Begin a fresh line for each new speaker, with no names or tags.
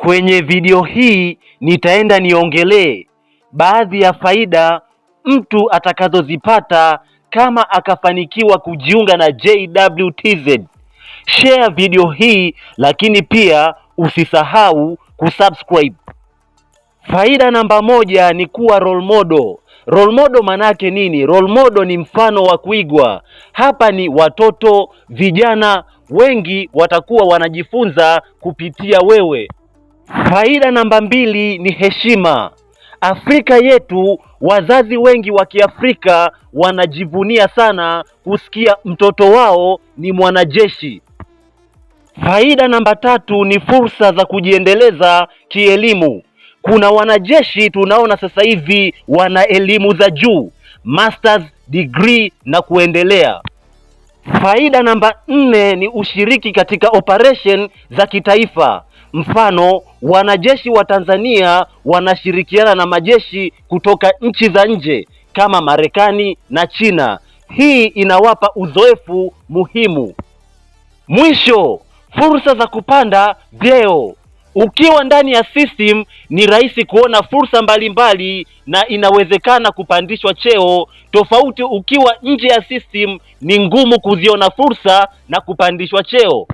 Kwenye video hii nitaenda niongelee baadhi ya faida mtu atakazozipata kama akafanikiwa kujiunga na JWTZ. Share video hii lakini pia usisahau kusubscribe. Faida namba moja ni kuwa role model. Role model manake nini? Role model ni mfano wa kuigwa. Hapa ni watoto, vijana wengi watakuwa wanajifunza kupitia wewe. Faida namba mbili ni heshima. Afrika yetu, wazazi wengi wa Kiafrika wanajivunia sana kusikia mtoto wao ni mwanajeshi. Faida namba tatu ni fursa za kujiendeleza kielimu. Kuna wanajeshi tunaona sasa hivi wana elimu za juu, masters degree na kuendelea. Faida namba nne ni ushiriki katika operation za kitaifa. Mfano, wanajeshi wa Tanzania wanashirikiana na majeshi kutoka nchi za nje kama Marekani na China. Hii inawapa uzoefu muhimu. Mwisho, fursa za kupanda vyeo. Ukiwa ndani ya system ni rahisi kuona fursa mbalimbali na inawezekana kupandishwa cheo. Tofauti ukiwa nje ya system ni ngumu kuziona fursa na kupandishwa cheo.